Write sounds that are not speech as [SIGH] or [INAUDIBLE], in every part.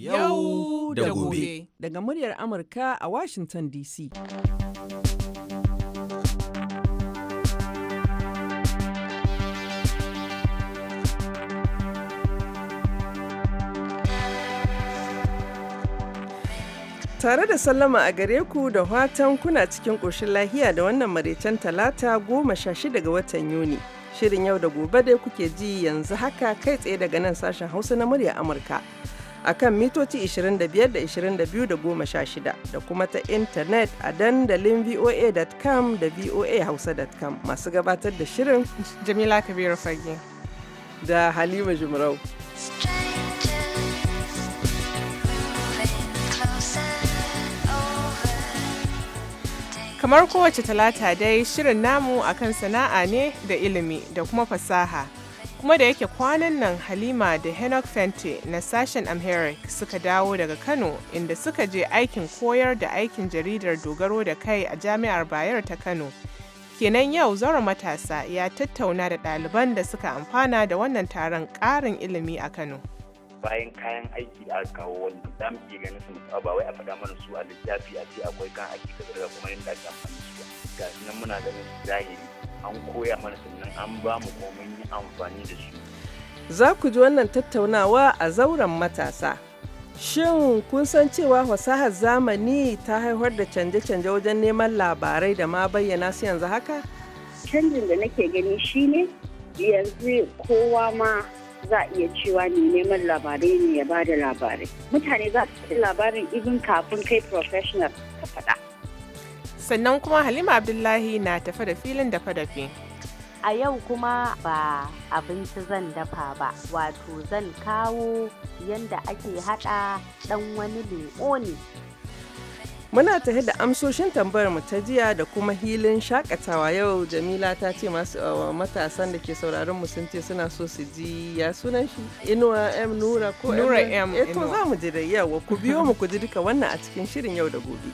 yau da gobe daga muryar amurka a washington dc tare da sallama a gare ku da watan kuna cikin ƙoshin lahiya da wannan maraicen talata goma sha shida ga watan yuni shirin yau da gobe dai kuke ji yanzu haka kai tsaye daga nan sashen hausa na murya amurka akan mitoci 25 da 22 da 16 da kuma ta intanet a dandalin voa.com da voahausa.com masu gabatar da shirin jamila kabiru fage da halima jimarau kamar kowace talata dai shirin namu akan sana'a ne da ilimi da kuma fasaha kuma da yake kwanan nan halima da henok fente na sashen amharic suka dawo daga kano inda suka je aikin koyar da aikin jaridar dogaro da kai a jami'ar bayar ta kano kenan yau zauren matasa ya tattauna da ɗaliban da suka amfana da wannan taron ƙarin ilimi a kano bayan kayan aiki da aka kawo wanda za iya ganin su ba wai a faɗa mana a littafi a ce akwai kan aiki da kuma ake su nan muna ganin zahiri an koya mana sannan an ba mu komai yi amfani da su za ku ji wannan tattaunawa a zauren matasa shin kun san cewa fasahar zamani ta haifar da canje-canje wajen neman labarai da ma bayyana su yanzu haka canjin da nake gani shi ne, yanzu kowa ma za a iya cewa ne neman labarai ne ya ba da labarai mutane za su labarin even kafin kai professional ka faɗa sannan kuma halima abdullahi na tafe da filin dafe-dafe a yau kuma ba abinci zan dafa ba wato zan kawo yadda ake haɗa ɗan wani ne Muna tafi da amsoshin tambayar mu ta jiya da kuma hilin shakatawa yau Jamila ta ce masu uh, matasan da ke sauraron mu sun ce suna so su ji ya sunan shi Inuwa M Nura ko Nura M. eto eh, za mu ji da yawa ku biyo mu ku ji duka wannan a cikin shirin yau da gobe.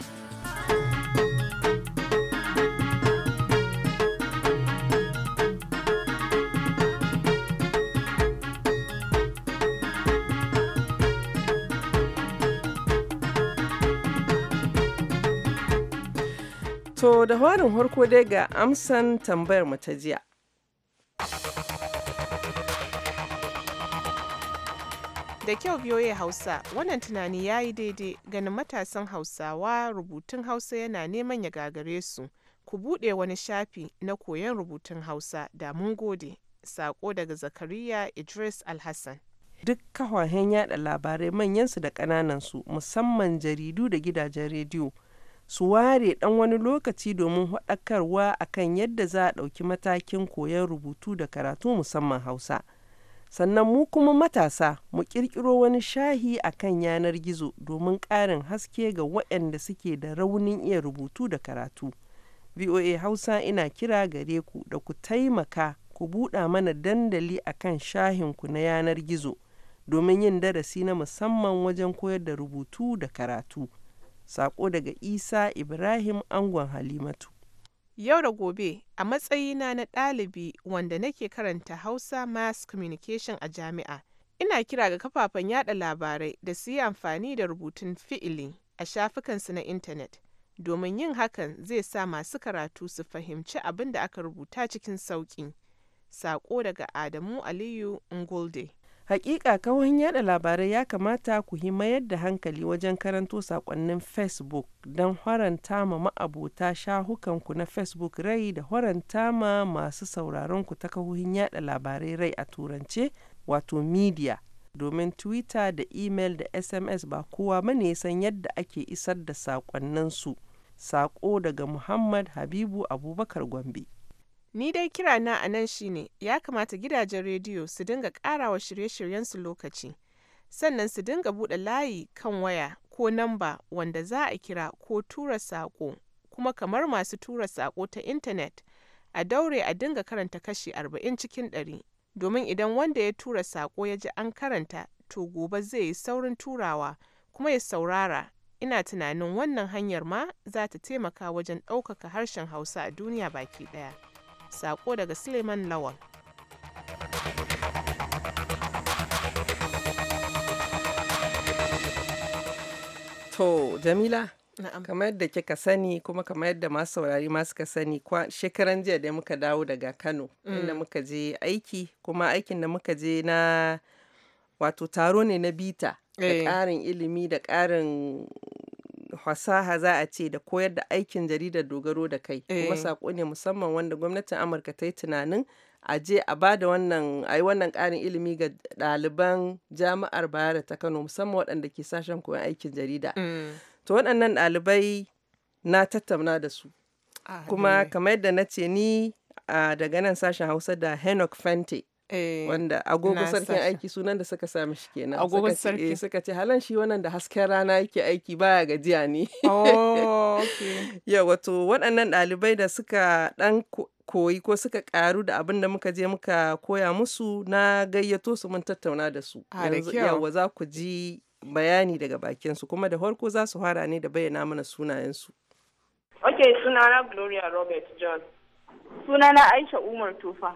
To da warin harko dai ga amsan tambayar mu ta jiya. Da kyau biyoye Hausa, wannan tunani ya yi daidai ganin matasan Hausawa rubutun Hausa yana neman ya gagare su. Ku buɗe wani shafi na koyon rubutun Hausa da mun gode. Sako daga Zakariya Idris Alhassan. duk kawahen yada labarai manyansu da ƙananansu musamman jaridu da gidajen rediyo su ware ɗan wani lokaci domin haɗakarwa kan yadda za a ɗauki matakin koyon rubutu da karatu musamman Hausa. Sannan mu kuma matasa mu ƙirƙiro wani shahi a kan yanar gizo domin ƙarin haske ga waɗanda suke da raunin iya rubutu da karatu. VOA Hausa ina kira gare ku da ku taimaka ku buɗa mana dandali a kan shahinku na yanar gizo domin yin darasi na musamman wajen koyar da rubutu da karatu. Sako daga Isa Ibrahim Angon Halimatu. Yau da gobe a matsayina na ɗalibi wanda nake karanta Hausa Mass Communication a jami'a, ina kira ga kafafen yada labarai da su yi amfani da rubutun fi'ili a shafukansu na intanet, domin yin hakan zai sa masu karatu su fahimci abin da aka rubuta cikin sauƙi. Sako daga Adamu Aliyu Ngulde. Hakika kafofin yada labarai ya kamata ku yi mayar da hankali wajen karanto sakonnin Facebook don haranta ma ma'abota shahukanku na Facebook rai da haranta ma masu sauraronku ta kafofin yada labarai rai a turance wato media. Domin Twitter da email da SMS ba kowa bane san yadda ake isar da sakonninsu. Sako daga Muhammad Habibu Abubakar Gombe. Ni dai kirana a nan shi ne ya kamata gidajen rediyo su dinga ƙarawa shirye shiryen su lokaci, sannan su dinga buɗe layi kan waya ko namba wanda za a kira ko tura saƙo kuma kamar masu tura saƙo ta intanet a daure a dinga karanta kashi arba'in cikin ɗari, domin idan wanda ya tura saƙo ya ji an karanta to gobe zai yi saurin turawa kuma ya saurara ina tunanin wannan hanyar ma za ta taimaka wajen ɗaukaka harshen Hausa a duniya baki ɗaya. Sako daga Suleiman Lawal. To, Jamila, kamar yadda kika sani kuma kamar yadda masu saurari masu ka sani shekaran jiya da muka dawo daga Kano, mm. inda muka je aiki, kuma aikin da muka je na wato taro ne na bita. da eh. ƙarin ilimi da ƙarin fasaha za a ce da koyar da aikin jaridar dogaro da kai kuma eh. sako ne musamman wanda gwamnatin amurka ta yi tunanin a je a ba da wannan a yi wannan karin ilimi ga ɗaliban jami'ar bayar ta kano musamman waɗanda ke sashen koyon aikin jarida mm. to waɗannan ɗalibai na tattauna da su ah, kuma kamar yadda na ce ni ah, daga nan sashen hausa da henok fente Eh, wanda agogo sarkin aiki sunan da suka sami shi kenan agogo sarki eh, suka ce halan shi wannan da hasken rana yake aiki baya gajiya ne oh, [LAUGHS] ya wato waɗannan ɗalibai da suka ɗan koyi ko suka ƙaru da abin da muka je muka koya musu na gayyato su mun tattauna da su ah, yanzu yawa za ku ji bayani daga bakinsu kuma da farko za su fara ne da bayyana mana sunayensu suna sunana gloria robert john sunana aisha umar tufa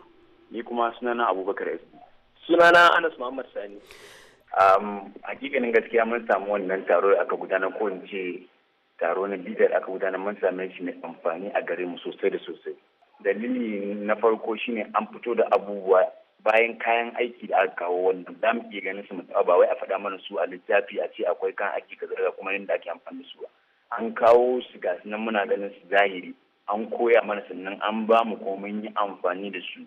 ni kuma sunana abubakar sd sunana anas muhammad sani um, hakikanin gaskiya mun samu wannan taro aka gudanar ko in ce taro na bidar aka gudana mun same shi mai amfani a gare mu sosai da sosai dalili na farko shine an fito da abubuwa bayan kayan aiki da aka kawo wannan za mu iya ganin su mutuwa ba wai a faɗa mana su a littafi a ce akwai kan aiki ka zarga kuma yadda ake amfani da su ba an kawo su ga nan muna ganin su zahiri an koya mana sannan an ba mu komai, mun yi amfani da su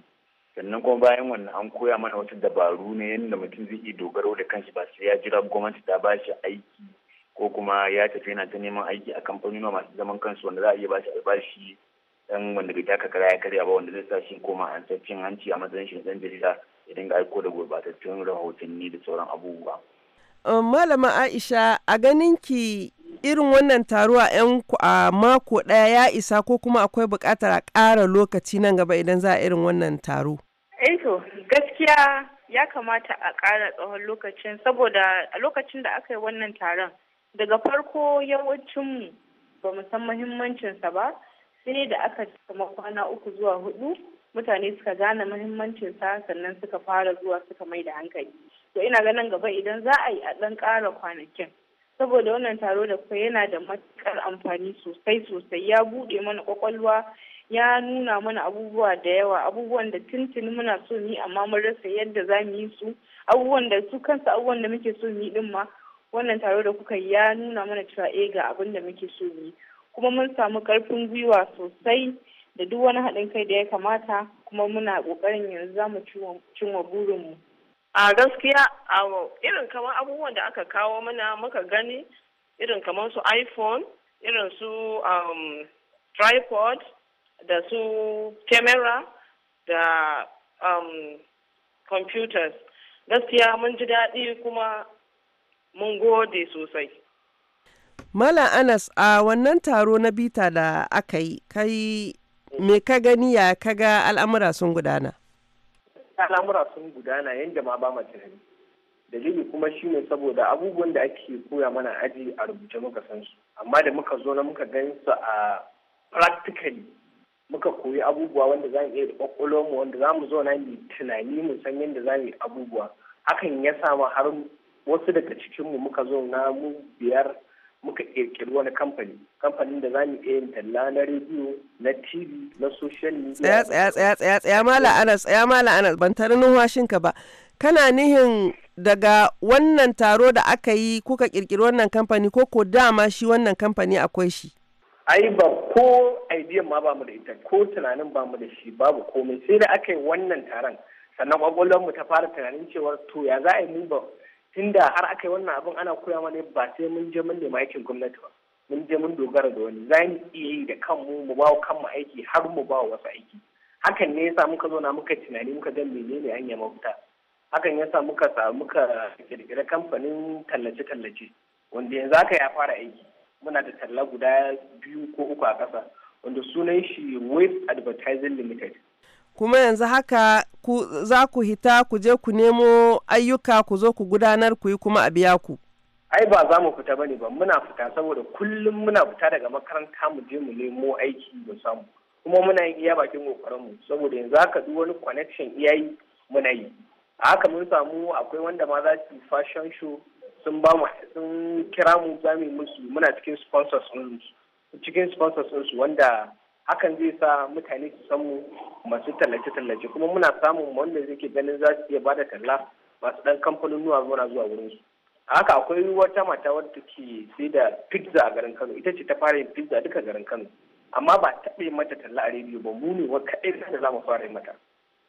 sannan kuma bayan wannan an koya mana wasu dabaru ne yadda mutum zai iya dogaro da kanshi ba sai ya jira gwamnati ta ba shi aiki ko kuma ya tafi yana ta neman aiki a kamfanin masu zaman kansu wanda za a iya ba shi albashi dan wanda bai taka kara ya karya ba wanda zai sa shi koma an cin hanci a matsayin shi zan jarida ya dinga aiko da gurbatattun rahotanni da sauran abubuwa. Eh, malama Aisha a ganin ki irin wannan taro a mako ɗaya ya isa ko kuma akwai bukatar a ƙara lokaci nan gaba idan za a irin wannan taro? Eh to gaskiya ya kamata a ƙara tsawon lokacin saboda a lokacin da aka yi wannan taron daga farko yawancinmu ba mu san muhimmancinsa ba sai da aka kama kwana uku zuwa hudu mutane suka gane muhimmancinsa sannan suka fara zuwa suka mai da hankali to ina ganin gaba idan za a yi a ɗan ƙara kwanakin saboda wannan taro da kuka yana da matukar amfani sosai sosai ya buɗe mana kwakwalwa ya nuna mana abubuwa da yawa abubuwan da tuntuni muna so mu amma mun rasa yadda za mu yi su abubuwan da su kansu abubuwan da muke so mu yi din ma wannan taro da kuka ya nuna mana cewa eh ga abin da muke so mu yi kuma mun samu karfin gwiwa sosai da duk wani haɗin kai da ya kamata kuma muna ƙoƙarin yanzu za mu cimma burinmu a gaskiya um, irin kamar abubuwan da aka kawo mana muka gani irin kamar su iphone irin su um, tripod da su camera da um, computers gaskiya mun ji daɗi kuma mun gode sosai Mala Anas a wannan taro na bita da aka yi kai me ka gani ya kaga al'amura sun gudana? al'amura sun gudana yadda ma ba tunani dalili kuma shine saboda abubuwan da ake koya mana aji a rubuce muka san su amma da muka zo na muka gan su a practically muka koyi abubuwa wanda za mu iya da mu wanda za mu zo na mu tunani mu san yadda za mu yi abubuwa hakan ya samu har wasu daga cikinmu muka zo na mu biyar muka kirkiri wani kamfani kamfanin da za mu iya yin talla na rediyo na tv na social media tsaya tsaya tsaya tsaya tsaya mala anas tsaya mala anas ban tare numfashin ka ba kana nihin daga wannan taro da aka yi kuka kirkiri wannan kamfani ko ko dama shi wannan kamfani akwai shi ai ba ko idea ma ba mu da ita ko tunanin ba mu da shi babu komai sai da aka yi wannan taron sannan kwakwalwar mu ta fara tunanin cewar to ya za a yi mu ba tunda har aka yi wannan abin ana koya mana ba sai mun je mun nemi aikin gwamnati ba mun je mun dogara da wani za mu iya yi da kanmu mu ba kanmu aiki har mu ba wasu aiki hakan ne yasa muka zo na muka tunani muka ga menene hanya mafita hakan yasa muka sa muka kirkira kamfanin tallace tallace wanda yanzu aka ya fara aiki muna da talla guda biyu ko uku a ƙasa wanda sunan shi Waste Advertising Limited kuma yanzu haka ku, za ku hita ku je ku nemo ayyuka ku zo ku gudanar ku yi kuma a biya ku. Ai ba za mu fita ba ne ba muna fita saboda kullum muna fita daga makaranta mu je mu nemo aiki mu samu kuma muna yin iya bakin kokarin mu saboda yanzu haka duk wani connection iya yi muna yi. A haka mun samu akwai wanda ma za su yi fashion show sun ba mu sun kira mu za mu yi musu muna cikin sponsors cikin sponsors wanda hakan zai sa mutane su san mu masu tallace-tallace kuma muna samun wanda ke ganin za su iya bada talla masu dan kamfanin nuwa muna zuwa wurin su haka akwai wata mata wadda ke sai da pizza a garin Kano ita ce ta fara yin pizza duka garin Kano amma ba taɓa mata talla a rediyo ba mu ne wa kaɗai da za mu fara mata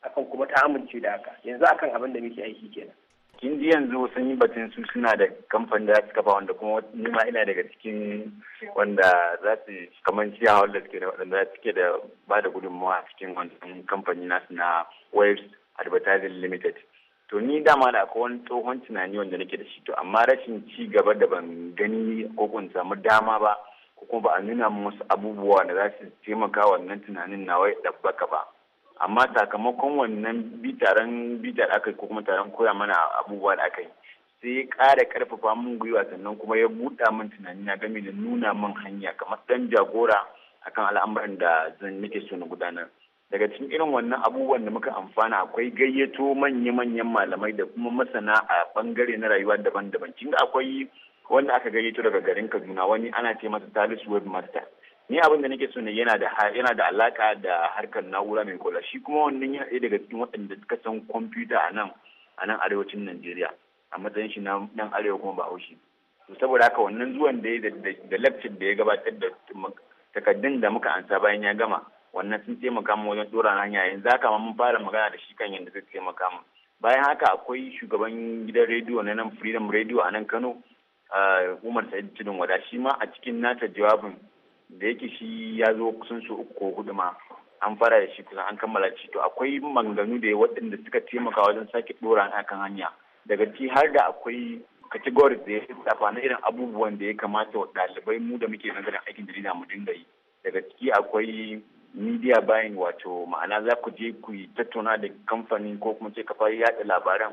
akan kuma ta amince da haka yanzu akan abin da muke aiki kenan kin ji yanzu sun yi batun su suna da kamfan da su kafa wanda kuma ni ma ina daga cikin wanda za su kamar ciya wanda suke da waɗanda suke da ba da gudunmawa a cikin wannan kamfani nasu na waves advertising limited to ni dama da akwai wani tsohon tunani wanda nake da shi to amma rashin ci gaba da ban gani ko kun samu dama ba ko kuma ba a nuna musu abubuwa da za su taimaka wannan tunanin na wai ɗabbaka ba amma sakamakon wannan bitaren bitar aka ko kuma taron koya mana abubuwa da aka yi sai ya ƙara ƙarfafa min gwiwa sannan kuma ya buɗa min tunani na game da nuna min hanya kamar ɗan jagora akan al'amuran da zan nake so na gudanar daga cikin irin wannan abubuwan da muka amfana akwai gayyato manya-manyan malamai da kuma masana a bangare na rayuwa daban-daban kin akwai wanda aka gayyato daga garin Kaduna wani ana ce masa web Webmaster ni abin da nake so ne yana da yana da alaka da harkar na'ura mai kwalwa shi kuma wannan yana ɗaya daga cikin waɗanda suka san kwamfuta a nan a nan arewacin Najeriya a matsayin shi nan arewa kuma Bahaushe to saboda haka wannan zuwan da da lecture da ya gabatar da takaddun da muka ansa bayan ya gama wannan sun taimaka mu wajen dora hanya yanzu haka mun fara magana da shi kan yadda zai taimaka mu bayan haka akwai shugaban gidan rediyo na nan Freedom Radio a nan Kano ah, Umar Sa'id Tudun Wada shi ma a cikin nata jawabin da yake shi ya zo kusan su uku ko hudu ma an fara da shi kusan an kammala shi to akwai manganu da waɗanda suka taimaka wajen sake ɗora a kan hanya daga ci har da akwai categories da ya tsafa na irin abubuwan da ya kamata wa ɗalibai mu da muke nazarin aikin jarida mu dinga yi daga ciki akwai media buying wato ma'ana za ku je ku yi tattauna da kamfanin ko kuma ce kafar yaɗa labaran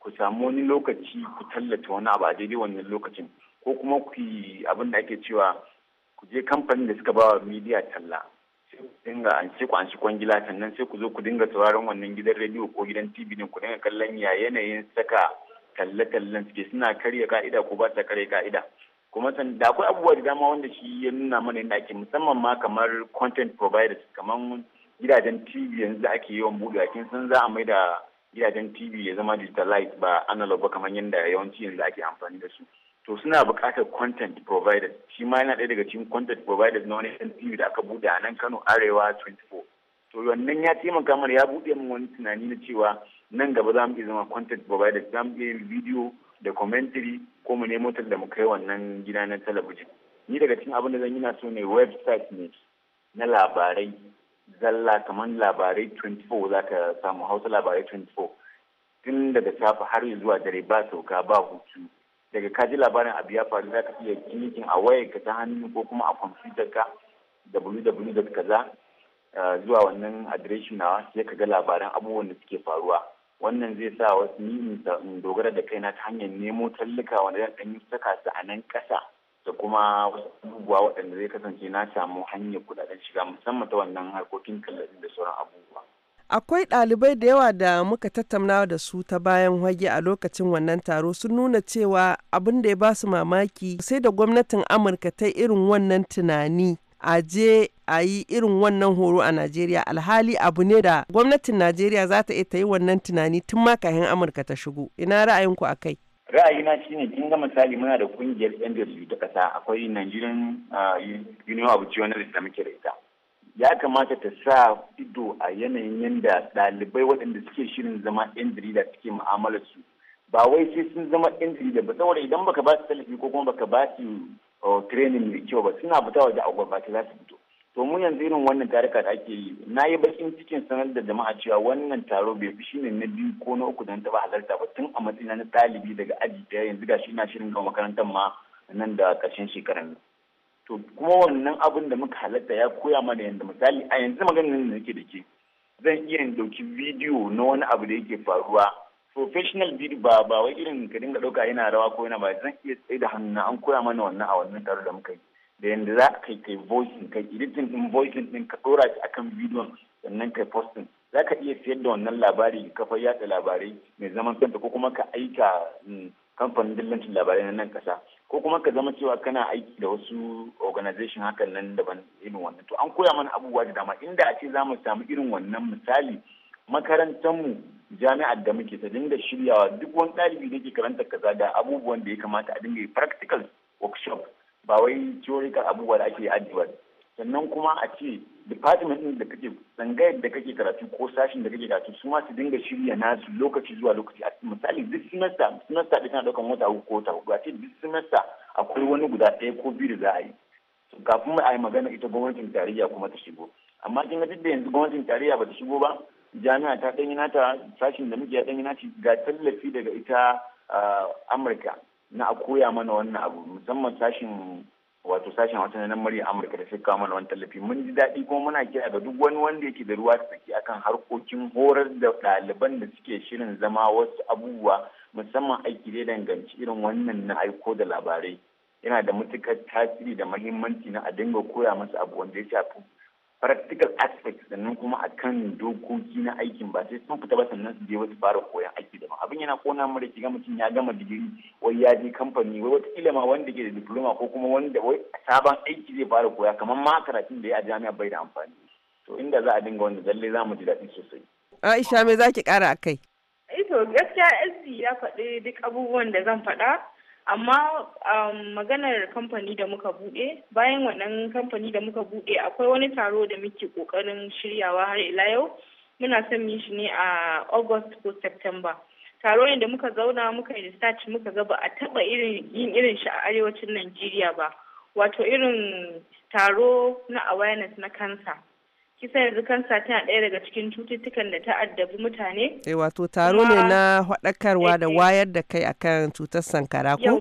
ku samu wani lokaci ku tallata wani abu a daidai wannan lokacin ko kuma ku yi abin da ake cewa ku je kamfanin da suka bawa wa midiya talla sai ku dinga an ce ku an shi kwangila sannan sai ku zo ku dinga sauraron wannan gidan rediyo ko gidan tv din ku dinga kallon ya yanayin saka talle-tallen suke suna karya ka'ida ko ba ta karya ka'ida kuma san da akwai abubuwa da dama wanda shi ya nuna mana yana ake musamman ma kamar content providers kamar gidajen tv yanzu ake yawan buɗe a kin san za a mai da gidajen tv ya zama digitalized ba analog ba kamar yadda yawanci yanzu ake amfani da su to suna buƙatar content providers shi ma yana ɗaya daga cikin content providers na wani TV da aka buɗe a nan Kano Arewa 24 to wannan ya taimaka mana ya buɗe min wani tunani na cewa nan gaba za mu iya zama content providers za mu iya video da commentary ko mu nemo da mu kai wannan gida na talabijin ni daga cikin abin da zan yi na so ne website ne na labarai zalla kamar labarai 24 za ka samu hausa labarai 24 tun daga safe har zuwa dare ba sauka ba hutu daga ka ji labarin abu ya faru za ka iya kinikin a wayarka ta hannu ko kuma a kwamfutar ka www.kaza eh, zuwa wannan adireshin nawa sai ka ga labaran abubuwan da suke faruwa wannan zai sa wasu ni dogara da kaina ta hanyar nemo tallika wanda zan ɗan saka su a nan ƙasa da kuma wasu abubuwa waɗanda zai kasance na samu hanyar kuɗaɗen shiga musamman ta wannan harkokin tallafin da sauran abubuwa. Akwai ɗalibai da yawa da muka tattauna da su ta bayan hage a lokacin wannan taro sun nuna cewa abin da ya ba su mamaki sai da gwamnatin Amurka ta irin wannan tunani a je a yi irin wannan horo a Najeriya alhali abu ne da gwamnatin Najeriya za ta iya ta yi wannan tunani tun ma kahin Amurka ta shigo. Ina ra'ayinku a kai? ra'ayina shine kin ga misali muna da kungiyar yan ta kasa akwai Nigerian ah, Union of Journalists da muke da ita ya kamata ta sa ido a yanayin yadda ɗalibai waɗanda suke shirin zama 'yan jarida suke mu'amalar su ba wai sai sun zama 'yan jarida ba saboda idan baka ba su tallafi ko kuma baka ba su training mai kyau ba suna fita waje a gurbace za su fito to mun yanzu irin wannan tarika da ake yi na yi bakin cikin sanar da jama'a cewa wannan taro bai fi shine na biyu ko na uku da na taɓa halarta ba tun a matsayina na ɗalibi daga aji ɗaya yanzu ga shi na shirin ga makarantar ma nan da ƙarshen shekarar nan. to kuma wannan abin da muka halatta ya koya mana yadda misali a yanzu maganin da nake da ke zan iya dauki bidiyo na wani abu da yake faruwa professional bidiyo ba ba wai irin ka dinga dauka yana rawa ko yana ba zan iya tsaye da hannu an koya mana wannan a wannan taro da muka yi da yadda za ka kai voicing kai editing din voicing din ka dora shi akan bidiyon sannan kai posting za ka iya siyar da wannan labari kafar yada labarai mai zaman kanta ko kuma ka aika mm, kamfanin dillancin labarai na nan kasa ko kuma ka zama cewa kana aiki da wasu organization hakan nan daban irin wannan to an koya mana abubuwa da dama inda a ce za mu samu irin wannan misali makarantar mu jami'ar da muke ta dinga shiryawa duk wani ɗalibi da ke karanta kaza da abubuwan da ya kamata a dinga yi practical workshop ba wai theoretical abubuwa da ake yi sannan kuma a ce department ɗin da kake tsangayar da kake karatu ko sashin da kake karatu su ma su dinga shirya nasu lokaci zuwa lokaci a misali duk semester semester ɗin tana ɗaukar wata uku ko wata a ce duk semester akwai wani guda ɗaya ko biyu da za a yi kafin a yi magana ita gwamnatin tarayya kuma ta shigo amma kin ga duk da yanzu gwamnatin tarayya ba ta shigo ba jami'a ta ɗanyi nata sashin da muke ya ɗanyi nata ga tallafi daga ita ah, amurka na a koya mana wannan abu musamman sashin wato sashen wata na murya amurka da suka mana wani tallafi mun ji daɗi kuma muna kira ga duk wani wanda yake da ruwa tsaki akan harkokin horar da ɗaliban da suke shirin zama wasu abubuwa musamman aiki da danganci irin wannan na aiko da labarai yana da matukar tasiri da muhimmanci na a dinga koya masu abu wanda ya shafi practical aspects sannan kuma akan dokoki na aikin ba sai sun fita ba sannan su je wasu fara koyan aiki daban abin yana kona mu da kiga mutum ya gama digiri wai ya je kamfani wai wata ilima wanda ke da diploma ko kuma wanda wai sabon aiki zai fara koya kamar ma karatun da ya a jami'a bai da amfani to inda za a dinga wanda zalle za mu ji daɗi sosai. Aisha me za ki ƙara a kai? Ito eh gaskiya SD ya faɗi duk abubuwan da zan faɗa amma um, maganar kamfani da muka buɗe bayan wannan kamfani da muka buɗe akwai wani taro da muke ƙoƙarin shiryawa har ila yau muna son mu shi ne a august ko september taro ne da muka zauna muka yi research muka ga ba a taɓa irin yin irin shi a arewacin najeriya ba wato irin taro na awareness na kansa kisa yanzu kansa tana ɗaya daga cikin cututtukan da ta addabi mutane. Eh wato taro ne na haɗakarwa da eh, eh. wayar da kai akan cutar sankara ko?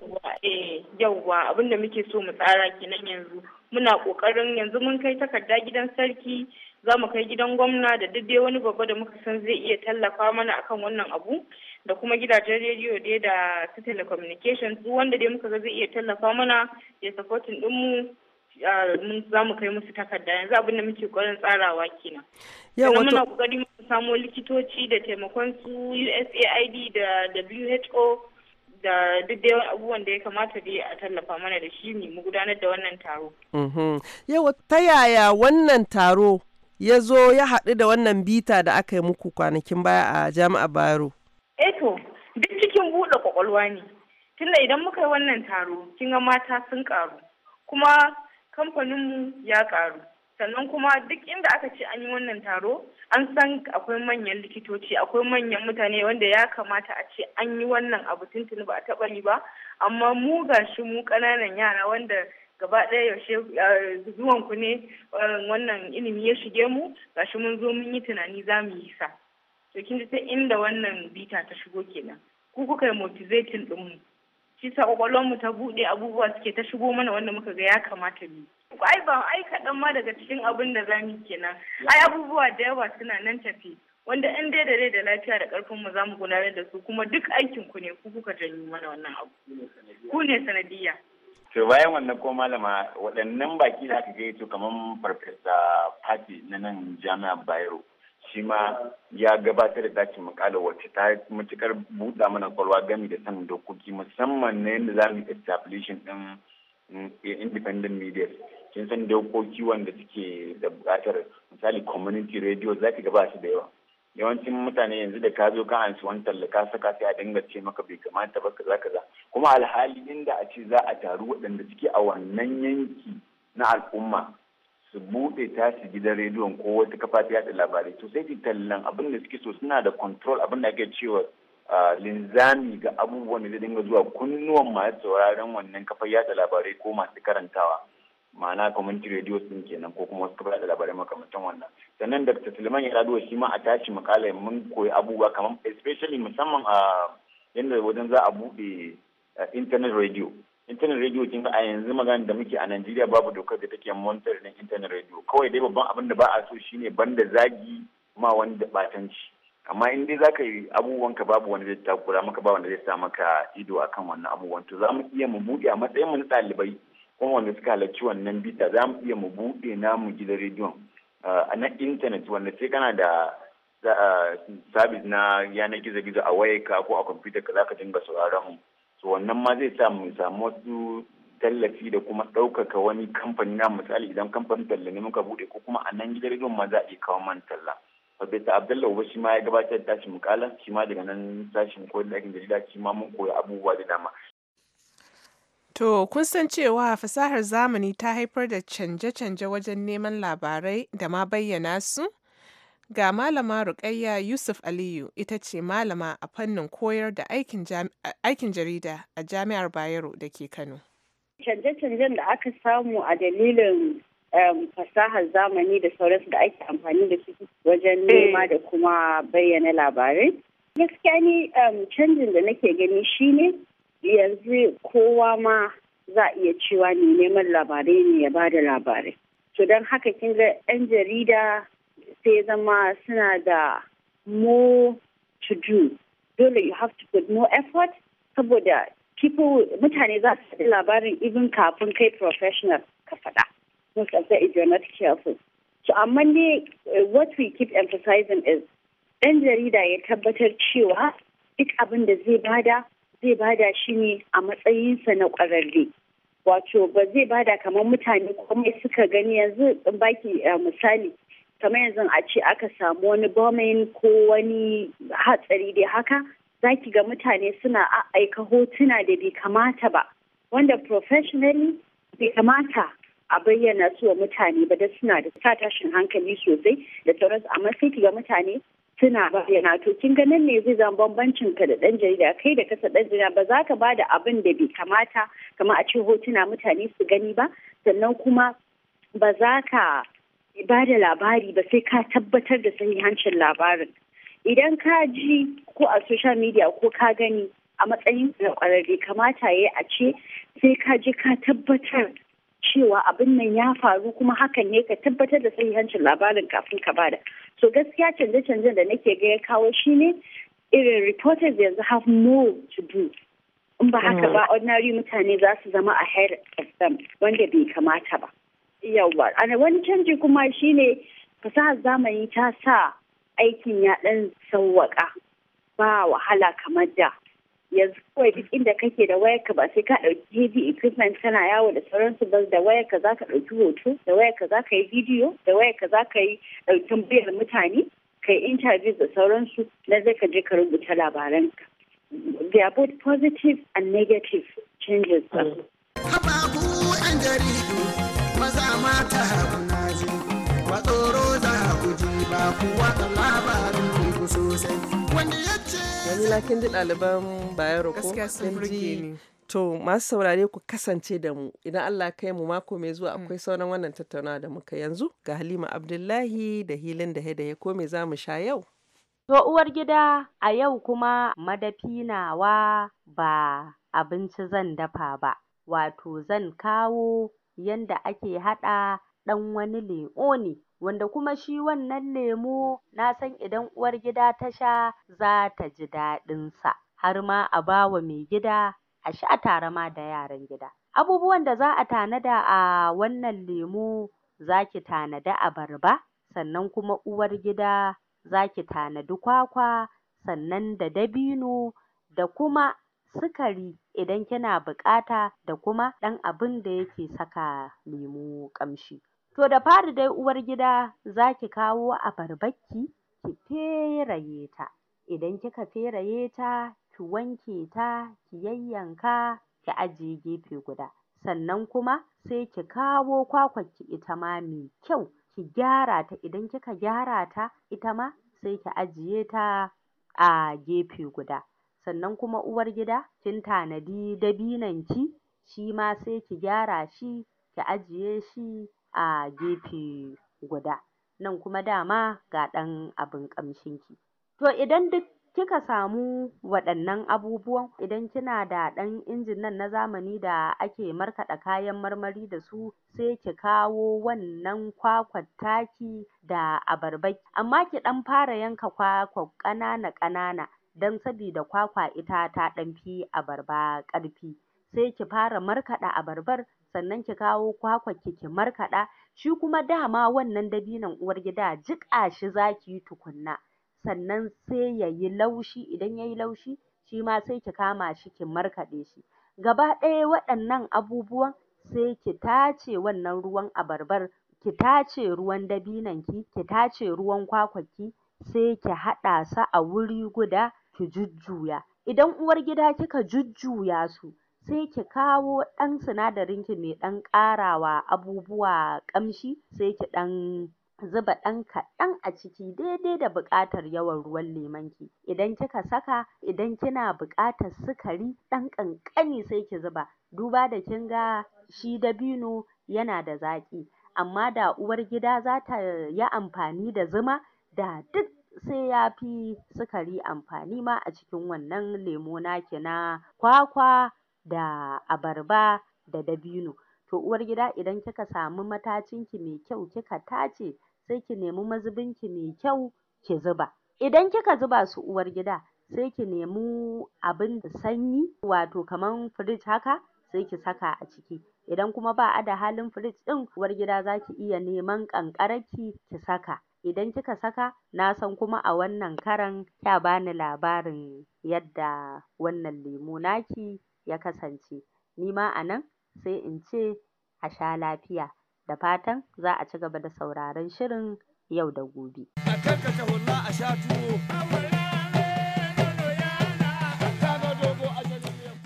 Yawwa eh, abin da muke so mu tsara kenan yanzu. Muna ƙoƙarin yanzu mun kai takarda gidan sarki za mu kai gidan gwamna da duk wani babba da muka san zai iya tallafa mana akan wannan abu da kuma gidajen rediyo dai da su telecommunications duk wanda dai muka ga zai iya tallafa mana ya supporting ɗinmu za mu kai musu takarda yanzu abin da muke ƙoƙarin tsarawa kenan. Yau wato muna ƙoƙari mu samo likitoci da taimakon su USAID da WHO da duk dai abubuwan da ya kamata dai a tallafa mana da shi ne mu gudanar da wannan taro. Mhm. Yau ta yaya wannan taro ya zo ya haɗu da wannan bita da aka yi muku kwanakin baya a jami'a Bayero? Eto, eh duk cikin buɗe kwakwalwa ne. Tunda idan muka yi wannan taro, kin ga mata sun ƙaru. Kuma kamfaninmu ya karu sannan kuma duk inda aka ce an yi wannan taro an san akwai manyan likitoci akwai manyan mutane wanda ya kamata a ce an yi wannan abu tuntuni ba a taɓa yi ba amma mu gashi mu ƙananan yara wanda gaba ɗaya yaushe eh, zuwan ku ne eh, wannan ilimi ya shige mu gashi mun zo mun yi tunani za mu yi sa to kin ji ta inda wannan bita ta shigo kenan ku kuka yi motivating ɗinmu kisa sa mu ta buɗe abubuwa suke ta shigo mana wanda muka ga ya kamata mu ai ba ai kaɗan ma daga cikin abin da za mu kenan ai abubuwa da yawa suna nan tafi wanda in dai da rai da lafiya da ƙarfin mu za mu gudanar da su kuma duk aikin ku ne ku kuka janyo mana wannan abu ku ne sanadiyya to bayan wannan ko malama waɗannan baki da aka gaito kamar farfesa fati na nan jami'ar bayero shi ma ya gabatar da dakin makala wacce ta matukar buɗa mana kwalwa gami da sanin dokoki musamman na yadda za mu establishin ɗin mm, independent media kin san dokoki wanda suke da buƙatar misali community radio za ki gaba da yawa yawancin mutane yanzu da ka zo ka ansu wani talla ka saka sai a dinga ce maka bai kamata ba kaza kaza kuma alhali inda a ce za a taru waɗanda suke a wannan yanki na al'umma su buɗe tashi gidan rediyon ko wata kafa ta yada labarai to sai tallan abin da suke so suna da control abin da ake cewa linzami ga abubuwan da zai dinga zuwa kunnuwan masu sauraron wannan kafar yada labarai ko masu karantawa ma'ana community radio sun kenan ko kuma wasu kafar yada labarai makamantan wannan sannan da suleiman ya raduwa shi ma a tashi makala mun koyi abubuwa kamar especially musamman a yanda wajen za a buɗe internet radio intanet radio kin a yanzu magana da muke a Najeriya babu dokar da take monitor din intanet radio kawai dai babban abin da ba a so shine banda zagi ma wani da batanci amma in dai zaka yi abubuwan ka babu wani zai takura maka ba wanda zai sa maka ido akan wannan abubuwan to za iya mu bude a matsayin mu na ɗalibai kuma wanda suka halarci wannan bita za mu iya mu buɗe namu gidan radio a eh, na intanet wanda sai kana da eh, sabis na yanar gizo-gizo a wayarka ko a kwamfuta ka zaka ka dinga sauraron mu. so wannan ma zai sa mu samu wasu tallafi da kuma ɗaukaka wani kamfani na misali idan kamfanin talla ne muka buɗe ko kuma a nan gidan rediyon ma za a iya kawo man talla Profesa abdullahi Uba shi ma ya gabatar da tashi mukala shi ma daga nan sashin ko da jarida shi ma mun koyi abubuwa da dama. To kun san cewa fasahar zamani ta haifar da canje-canje wajen neman labarai da ma bayyana su? Ga Malama Rukayya Yusuf Aliyu ita ce malama a fannin koyar da aikin jarida a Jami'ar Bayero da ke Kano. Canje-canjen da aka samu a dalilin um, fasahar zamani da sauransu da ake amfani da su wajen eh. nema da kuma bayyana labarai. Gaskiya ne um, canjin da nake gani shine yanzu kowa ma za a iya cewa ne neman labarai ne ya ba da labarai. To don haka kin ga 'yan jarida sai zama suna da more to do dole you have to put more effort saboda people mutane za su labarin even kafin kai professional ka faɗa most of the if you're not careful so amma ne eh, what we keep emphasizing is ɗan jarida ya tabbatar cewa duk abin da zai bada zai bada shi ne a matsayinsa na ƙwararre wato ba zai bada kamar mutane komai suka gani yanzu baki eh, misali kamar yanzu a ce aka samu wani bomin ko wani hatsari dai haka zaki ga mutane suna aika hotuna da bai kamata ba wanda professionally bai kamata a bayyana su wa mutane ba da suna da sa tashin hankali sosai da sauransu amma sai ki ga mutane suna bayyana to kin ganin ne zai zama bambancin ka da dan jarida kai da kasa dan jarida ba za ka bada abin da bai kamata kamar a ce hotuna mutane su gani ba sannan kuma ba za ka ba da labari ba sai ka tabbatar da sahihancin labarin idan ka ji ko a social media ko ka gani a matsayin na kwararre kamata ya a ce sai ka ji ka tabbatar cewa abin nan ya faru kuma hakan ne ka tabbatar da sahihancin labarin kafin ka bada so gaskiya canje-canjen da nake ga ya kawo ne irin reporters yanzu have more to do in ba haka ba mm. ordinary mutane za su zama a of them wanda bai kamata ba yawa ana wani canji kuma shine fasahar zamani ta sa aikin ya ɗan sauwaka ba wahala kamar da yanzu kawai duk inda kake da wayar ka ba sai ka ɗauki heavy equipment tana yawo da sauransu ba da wayar ka zaka ɗauki hoto da wayar ka zaka yi bidiyo da wayar ka zaka yi bayar mutane kai interviews da sauransu na zai ka je ka rubuta labaranka they are both positive and negative changes. Hababu maza mata kuna ba tsoro za ku ji labarin ku sosai wanda kin ji ɗaliban bayero ko To masu saurare ku kasance da mu idan Allah kai mu mako mai zuwa akwai mm. sauran wannan tattaunawa da muka yanzu ga Halima Abdullahi da hilin da ya ko me za mu sha yau. To uwar gida a yau kuma madafi nawa ba abinci zan dafa ba wato zan kawo yanda ake haɗa ɗan wani lemo ne wanda kuma shi wannan lemo san idan uwar gida ta sha zata ji daɗin sa har ma a ba wa mai gida a sha tare ma da yaran gida. Abubuwan da za a tanada a wannan lemo ki tanadi abarba sannan kuma uwar gida ki tanadi kwakwa sannan da dabino da kuma sukari idan kina buƙata da kuma ɗan da yake saka lemu ƙamshi. To da fari dai uwar uwargida ki kawo abarbarki ki feraye ta, idan kika feraye ta ki wanke ta ki yayyanka ki ajiye gefe guda, sannan kuma sai ki kawo ki ita ma mai kyau ki gyara ta, idan kika gyara ta ita ma sai ki ajiye ta a gefe guda. sannan kuma uwar gida? kin tanadi dabinon ki shima sai ki gyara shi ki ajiye shi a gefe guda nan kuma dama ga ɗan abun ƙamshin ki to idan duk kika samu waɗannan abubuwan idan kina da ɗan injin nan na zamani da ake markaɗa kayan marmari da su sai ki kawo wannan kwakwar taki da abarba, amma ki ɗan fara yanka kwakwar ƙanana ƙanana dan sabida kwakwa ita ta ɗan fi abarba ƙarfi sai ki fara markaɗa abarbar sannan ki kawo kwakwar ki ki markaɗa shi kuma dama wannan dabinon uwargida jiƙa shi zaki yi tukunna sannan sai yayi laushi idan yayi laushi shi ma sai ki kama shi ki markaɗe shi gaba ɗaya waɗannan abubuwan sai ki tace wannan ruwan abarbar ki tace ruwan dabinon ki, ki tace ruwan kwakwar ki sai ki haɗa su a wuri guda ki jujjuya idan uwar gida kika jujjuya su sai ki kawo ɗan sinadarin ki mai ɗan ƙarawa abubuwa ƙamshi sai ki ɗan zuba ɗan kaɗan a ciki daidai da buƙatar yawan ruwan lemon ki idan kika saka idan kina buƙatar sikari ɗan ƙanƙani sai ki zuba duba da kin ga shi dabino yana da zaƙi amma da uwar uwargida zata yi amfani da zuma da duk sai ya fi sukari amfani ma a cikin wannan lemo naki na kwakwa da abarba da dabino. To uwargida idan kika samu matacinki mai kyau kika tace sai ki nemi mazubinki mai kyau ki zuba. Idan kika zuba su uwargida sai ki nemi abin sanyi wato kaman firij haka sai ki saka a ciki. Idan kuma ba a da halin firij ɗin uwargida za ki iya neman ƙanƙararki ki saka. idan kika saka na san kuma a wannan karan kya bani labarin yadda wannan lemo naki ya kasance nima anan sai in ce a sha lafiya da fatan za a cigaba da sauraron shirin yau da gobe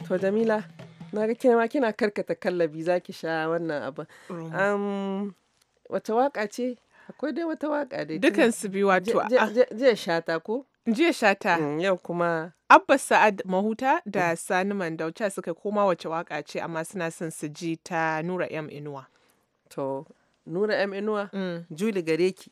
to Jamila na ga kema kina karkata kallabi zaki sha wannan abin um, wace waka ce Akwai dai wata waƙa dai. su bi wato. Jiya shata ko? Jiya shata. Mm, yau kuma. Abba Sa'ad Mahuta da mm. Sani Mandauca suka koma wace waka ce amma suna son su ji ta Nura M Inuwa. To, Nura M Inuwa, mm. Juli gare ki.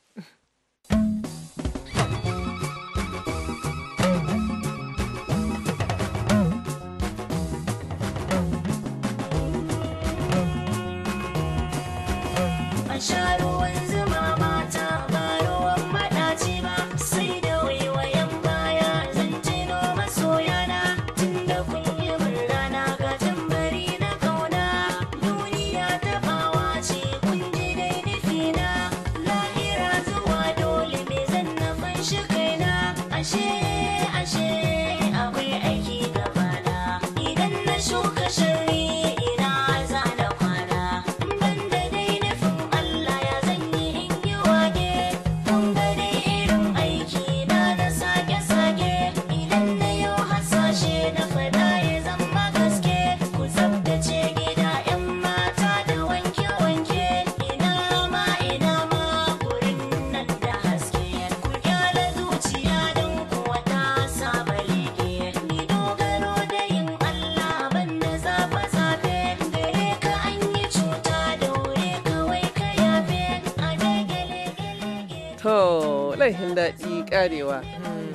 karewa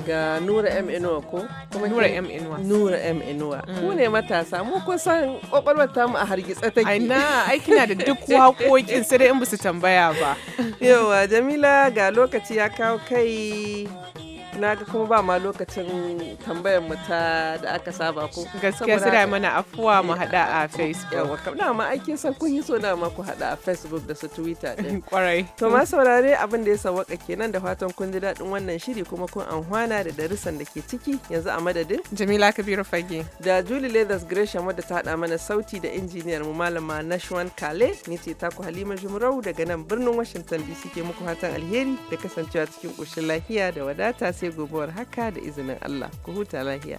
ga Nura M Inuwa ko? Kuma Nura M Inuwa. Nura M Inuwa. Mm. Ku ne matasa mu kun san kwakwalwar tamu a hargitsa take. Ai na ai kina da duk waƙoƙin sai dai in ba su tambaya ba. Yawa Jamila ga lokaci ya kawo kai na ga kuma ba ma lokacin tambayar mu ta da aka saba ko gaskiya da mana afuwa mu hada a facebook na ma ake san kun yi so na ma ku hada a facebook da su twitter din [LAUGHS] kwarai to ma saurare abin da ya sawaka kenan da fatan kun ji daɗin wannan shiri kuma kun anhwana da darussan da ke ciki yanzu a madadin jamila kabiru fage da julie leathers gresham wadda ta hada mana sauti da injiniyar mu malama nashwan kale ni ce taku halima jumrau daga nan birnin washington dc ke muku fatan alheri da kasancewa cikin ƙoshin lafiya da wadata sai sai haka da izinin Allah ku huta lahiya.